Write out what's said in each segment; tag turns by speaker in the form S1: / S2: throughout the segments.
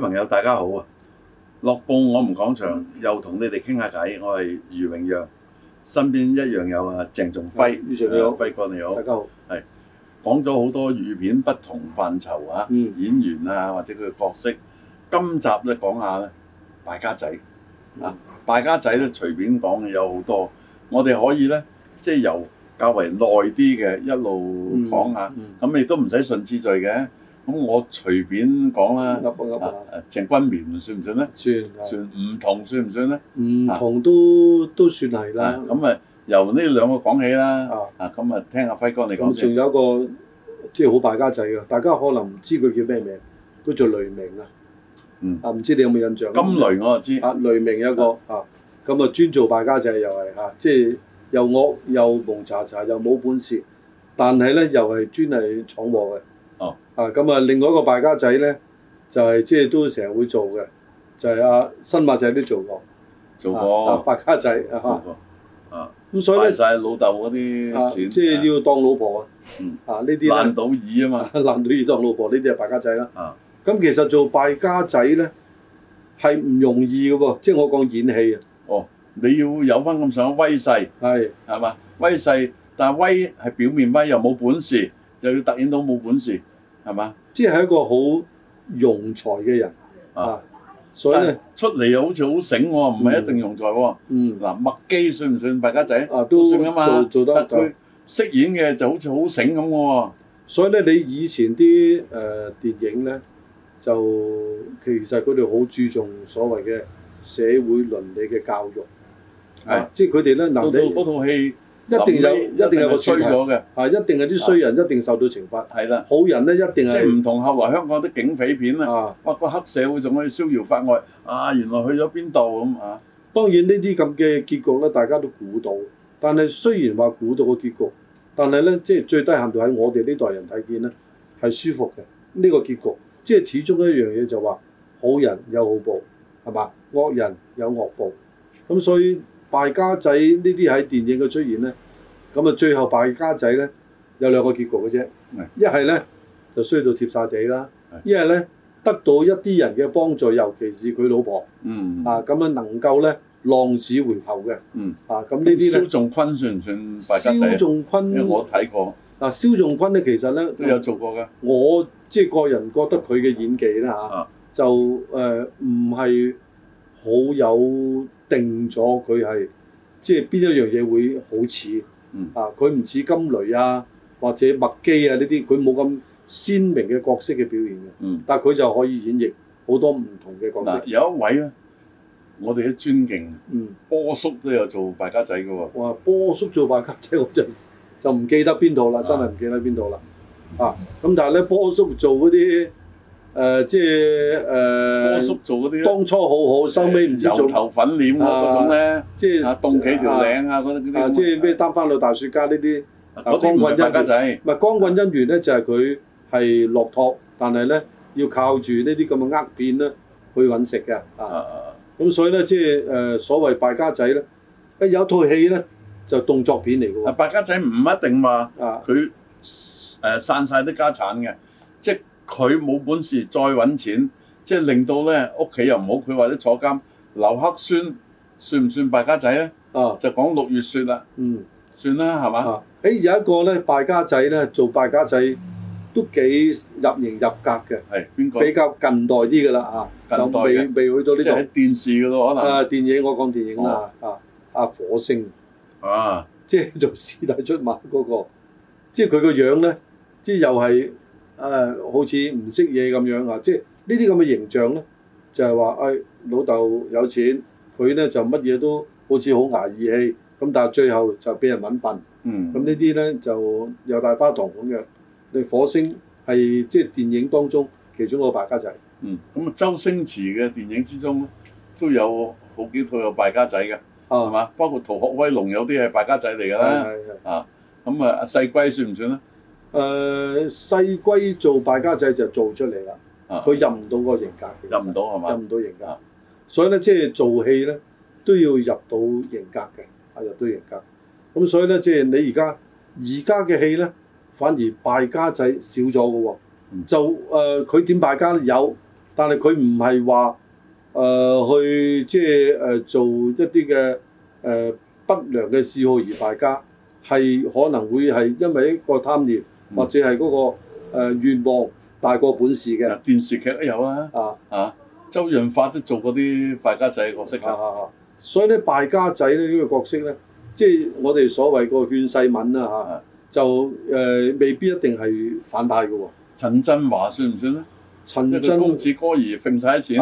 S1: 朋友大家好啊！樂報我們講場又同你哋傾下偈，我係余榮陽，身邊一樣有啊鄭仲輝，你好，輝哥你好，大家好。係講咗好多語片不同範疇啊，演員啊或者佢嘅角色。嗯、今集咧講下呢《敗家仔》啊，《敗家仔》呢咧隨便講有好多，我哋可以咧即係由較為耐啲嘅一路講一下，咁、嗯、亦都唔使順次序嘅。咁我隨便講啦，啊鄭、啊啊、君綿算唔算咧？算，算唔同算唔算咧？唔同都都算係啦。咁咪由呢兩個講起啦。啊，咁咪聽阿輝哥你講先。咁仲有個即係好敗家仔嘅，大家可能唔知佢叫咩名，叫做雷明啊。嗯。啊，唔、啊啊嗯、知、嗯、知你有冇印象、嗯？金雷我就知。啊，雷明有一個啊，咁啊專做敗家仔又係嚇、啊，即係又惡又蒙查查又冇本事，但係咧又係專係闖禍嘅。哦，啊咁啊，另外一個敗家仔咧，就係即係都成日會做嘅，就係、是、阿、啊、新馬仔都做過，做過、啊，敗家仔，做過，啊，咁、啊、所以咧，老豆嗰啲錢即係要當老婆、嗯、啊，啊呢啲爛賭二啊嘛，爛、啊、賭二當老婆呢啲係敗家仔啦，啊，咁、啊、其實做敗家仔咧係唔容易嘅噃，即、就、係、是、我講演戲啊，哦，你要有翻咁上威勢，係係嘛？威勢，但係威係表面威，又冇本事，又要突顯到冇本事。係嘛？即係一個好用財嘅人啊，所以咧出嚟又好似好醒喎，唔係一定用財喎。嗯，嗱麥、嗯嗯、基算唔算敗家仔啊？都算㗎嘛。做，做得夠。但佢飾演嘅就好似好醒咁喎。所以咧，你以前啲誒、呃、電影咧，就其實佢哋好注重所謂嘅社會倫理嘅教育。係、啊，即係佢哋咧，諗到嗰套戲。一定有，一定有個衰咗嘅，啊！一定係啲衰人，一定受到懲罰，係啦。好人咧，一定係即係唔同後話香港啲警匪片啊，個黑社會仲可以逍遙法外，啊！原來去咗邊度咁啊？當然呢啲咁嘅結局咧，大家都估到。但係雖然話估到個結局，但係咧，即係最低限度喺我哋呢代人睇見咧，係舒服嘅呢個結局。即係始終一樣嘢就話、是，好人有好報，係嘛？惡人有惡報。咁所以敗家仔呢啲喺電影嘅出現咧。咁啊！最後敗家仔咧，有兩個結局嘅啫。一係咧就衰到貼晒地啦。一係咧得到一啲人嘅幫助，尤其是佢老婆。嗯啊，咁樣能夠咧浪子回頭嘅。嗯啊，咁呢啲咧。蕭仲坤算唔算敗家仔？蕭仲坤我睇過嗱。蕭仲坤咧，其實咧都有做過嘅。我即係個人覺得佢嘅演技咧嚇、啊、就誒唔係好有定咗佢係即係邊一樣嘢會好似。嗯啊，佢唔似金雷啊，或者麥基啊呢啲，佢冇咁鮮明嘅角色嘅表現嘅。嗯，但係佢就可以演繹好多唔同嘅角色、嗯。有一位咧，我哋都尊敬。嗯，波叔都有做敗家仔㗎喎、哦。哇，波叔做敗家仔，我就就唔記得邊度啦，真係唔記得邊度啦。啊，咁、啊、但係咧，波叔做嗰啲。誒、呃、即係我叔做啲、呃，當初好好，收尾唔知做頭粉臉嗰種咧，即係棟起條領啊嗰啲、啊啊啊啊、即係咩擔翻到大雪茄呢啲、啊？光棍敗家仔，唔係光棍姻緣咧，就係佢係落拓，但係咧要靠住呢啲咁嘅呃片咧去揾食嘅啊。咁、啊、所以咧即係誒、啊、所謂敗家仔咧，啊有一套戲咧就動作片嚟嘅喎。敗家仔唔一定話佢誒散晒啲家產嘅，即係。佢冇本事再揾錢，即係令到咧屋企又唔好，佢或者坐監。劉克宣算唔算敗家仔咧？啊，就講六月雪啦。嗯，算啦，係嘛？嚇、啊，誒、欸、有一個咧敗家仔咧做敗家仔，都幾入型入格嘅。係邊個？比較近代啲嘅啦啊，就未未去到呢度。即係喺電視嘅咯，可能。啊、電影我講電影啦、哦，啊啊，火星啊，即係做師弟出馬嗰、那個，即係佢個樣咧，即係又係。誒、呃、好似唔識嘢咁樣啊！即係呢啲咁嘅形象咧，就係、是、話：誒、哎、老豆有錢，佢咧就乜嘢都好似好牙意氣，咁但係最後就俾人揾笨。嗯。咁呢啲咧就有大花筒咁樣。你火星係即係電影當中其中一個敗家仔。嗯。咁啊，周星馳嘅電影之中都有好幾套有敗家仔嘅。啊，係嘛？包括逃學威龍有啲係敗家仔嚟㗎啦。係啊，咁啊，阿細龜算唔算咧？誒、呃、細龜做敗家仔就做出嚟啦，佢、啊、入唔到個型格，入唔到係嘛？入唔到型格、啊，所以咧即係做戲咧都要入到型格嘅，啊入到型格。咁所以咧即係你而家而家嘅戲咧反而敗家仔少咗嘅喎，就誒佢點敗家都有，但係佢唔係話誒去即係誒做一啲嘅誒不良嘅嗜好而敗家，係可能會係因為一個貪念。或者係嗰、那個誒、呃、願望大過本事嘅，電視劇都有啊，啊。啊，周潤發都做過啲敗家仔嘅角色啊，啊，所以咧，敗家仔咧呢、這個角色咧，即係我哋所謂個勸世文啊嚇、啊，就誒、呃、未必一定係反派嘅喎、啊。陳振華算唔算咧？陳振公子哥兒，佢使錢、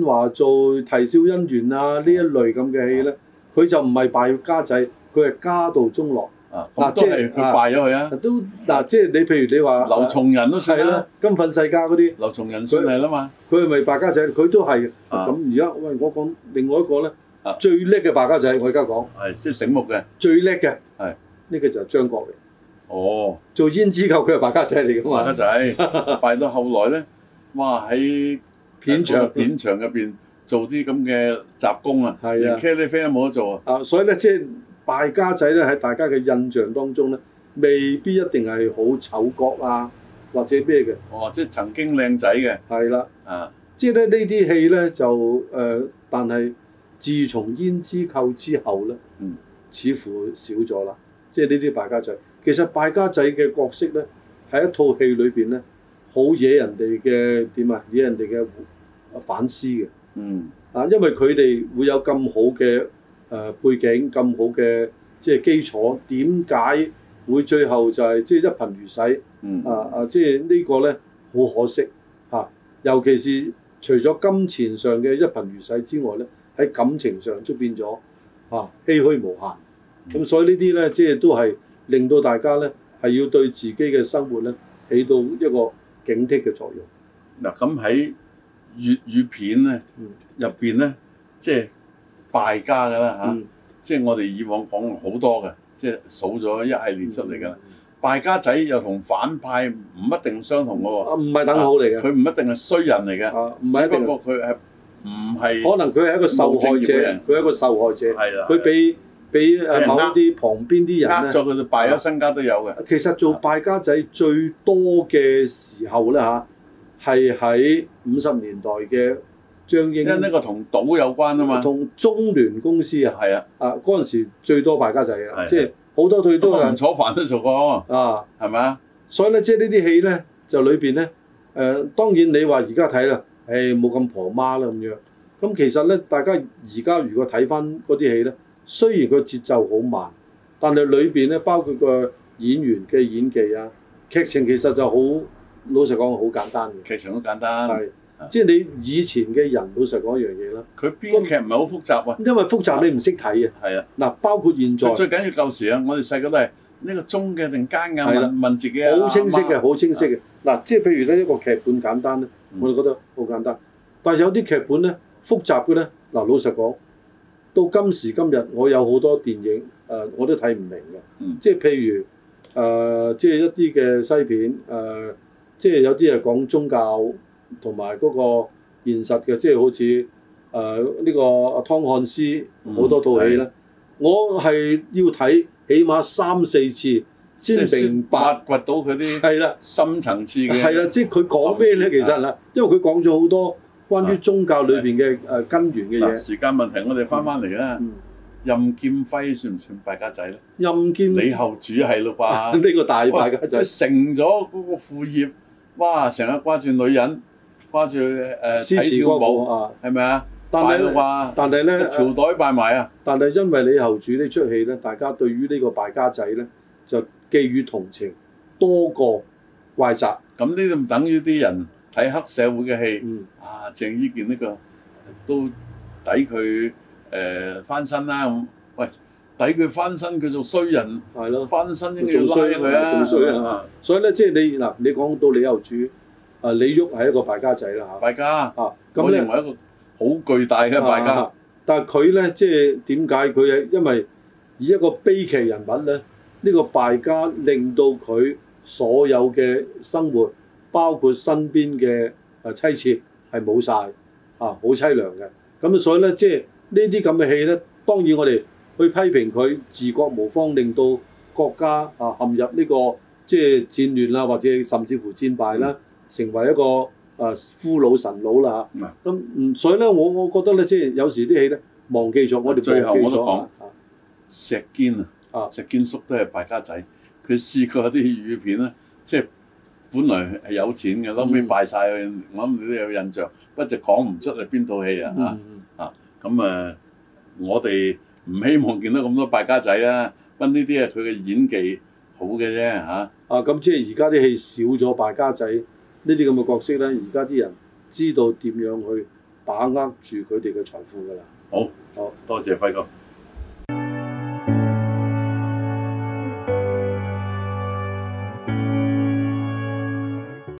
S1: 啊、華做《啼笑姻緣》啊呢一類咁嘅戲咧，佢、啊、就唔係敗家仔，佢係家道中落。啊！嗱，即係佢敗咗佢啊！都嗱，即係你譬如你話劉松仁都算啦、啊，金粉世家嗰啲劉松仁算係、啊、啦嘛。佢係咪敗家仔？佢都係。咁而家喂，我講另外一個咧、啊，最叻嘅敗家仔，我而家講係即係醒目嘅最叻嘅。係呢、呢個就係張國榮。哦，做胭脂扣佢係敗家仔嚟嘅，敗家仔敗 到後來咧，哇喺片場、啊嗰個、片場入邊、嗰個、做啲咁嘅雜工啊，連啊，茄喱啡冇得做啊。啊，所以咧即係。就是敗家仔咧，喺大家嘅印象當中咧，未必一定係好醜角啊，或者咩嘅？哦，即係曾經靚仔嘅。係啦，啊，即係咧呢啲戲咧就誒、呃，但係自從胭脂扣之後咧，嗯，似乎少咗啦。即係呢啲敗家仔，其實敗家仔嘅角色咧，喺一套戲裏邊咧，好惹人哋嘅點啊，惹人哋嘅反思嘅。嗯，啊，因為佢哋會有咁好嘅。誒背景咁好嘅，即係基礎，點解會最後就係即係一貧如洗？啊、嗯、啊！即係呢個咧，好可惜嚇、啊。尤其是除咗金錢上嘅一貧如洗之外咧，喺感情上都變咗嚇、啊，唏噓無限。咁、嗯、所以呢啲咧，即係都係令到大家咧，係要對自己嘅生活咧，起到一個警惕嘅作用。嗱，咁喺粵語片咧，入邊咧，即係。就是敗家㗎啦、啊嗯、即係我哋以往講好多嘅，即係數咗一系列出嚟㗎、嗯嗯。敗家仔又同反派唔一定相同喎，唔、啊、係等號嚟嘅，佢、啊、唔一定係衰人嚟嘅，唔、啊、係一定佢係唔係，可能佢係一個受害者，佢係一個受害者，佢俾俾誒某一啲旁邊啲人呃咗佢，就敗咗身家都有嘅、啊。其實做敗家仔最多嘅時候咧嚇，係喺五十年代嘅。因呢個同賭有關啊嘛，同中聯公司啊，係啊，啊嗰陣時最多敗家仔嘅、啊啊，即係好多佢都係。吳楚帆都做過啊，係咪啊？所以咧，即係呢啲戲咧，就裏邊咧，誒、呃，當然你話而家睇啦，誒冇咁婆媽啦咁樣。咁其實咧，大家而家如果睇翻嗰啲戲咧，雖然個節奏好慢，但係裏邊咧包括個演員嘅演技啊，劇情其實就好，老實講好簡單嘅劇情好簡單。即係你以前嘅人，老實講一樣嘢啦。佢編劇唔係好複雜啊，因為複雜你唔識睇啊。係啊，嗱，包括現在最緊要，舊時啊，我哋細個都係呢個忠嘅定奸嘅，問問自己好清晰嘅，好清晰嘅。嗱、啊，即係譬如咧一個劇本簡單咧，我就覺得好簡單。嗯、但係有啲劇本咧複雜嘅咧，嗱老實講，到今時今日我有好多電影誒、呃、我都睇唔明嘅、嗯。即係譬如誒、呃，即係一啲嘅西片誒、呃，即係有啲係講宗教。同埋嗰個現實嘅，即係好似誒呢個湯漢斯好多套戲啦。我係要睇起碼三四次先明白掘到佢啲係啦，深層次嘅係啊！即係佢講咩咧、嗯？其實啦，因為佢講咗好多關於宗教裏邊嘅誒根源嘅嘢、啊啊。時間問題，我哋翻返嚟啦。任劍輝算唔算敗家仔咧？任劍李後主係咯啩？呢 個大敗家仔，成咗嗰個副業，哇！成日掛住女人。掛住誒，睇、呃、跳舞啊，係咪啊？敗了啩？但係咧，朝代敗埋啊！但係因為李後主呢出戲咧，大家對於呢個敗家仔咧，就寄予同情多過怪責。咁呢啲唔等於啲人睇黑社會嘅戲？嗯。啊，鄭伊健呢個都抵佢誒、呃、翻身啦！咁，喂，抵佢翻身佢做衰人係咯，翻身應該拉佢啊，仲、啊、衰啊，啊！所以咧，即、就、係、是、你嗱，你講到李後主。啊！李煜係一個敗家仔啦嚇，敗家啊！我認為是一個好巨大嘅敗家。啊、但係佢咧，即係點解佢啊？係因為以一個悲劇人物咧，呢、呢個敗家令到佢所有嘅生活，包括身邊嘅啊妻妾係冇晒，啊，好凄涼嘅。咁所以咧，即係呢啲咁嘅戲咧，當然我哋去批評佢治國無方，令到國家啊陷入呢、呢個即係戰亂啦，或者甚至乎戰敗啦。嗯成為一個啊，夫、呃、老神佬啦嚇咁，所以咧，我我覺得咧，即係有時啲戲咧忘記咗，我哋最後講啊！石堅啊，石堅叔都係敗家仔，佢試過啲粵語片咧，即係本來係有錢嘅，後、嗯、尾敗晒我諗你都有印象，不直講唔出係邊套戲、嗯、啊？啊咁誒，我哋唔希望見到咁多敗家仔啦。不過呢啲係，佢嘅演技好嘅啫嚇。啊咁，啊即係而家啲戲少咗敗家仔。呢啲咁嘅角色呢，而家啲人知道點樣去把握住佢哋嘅財富㗎啦。好，好多謝輝哥。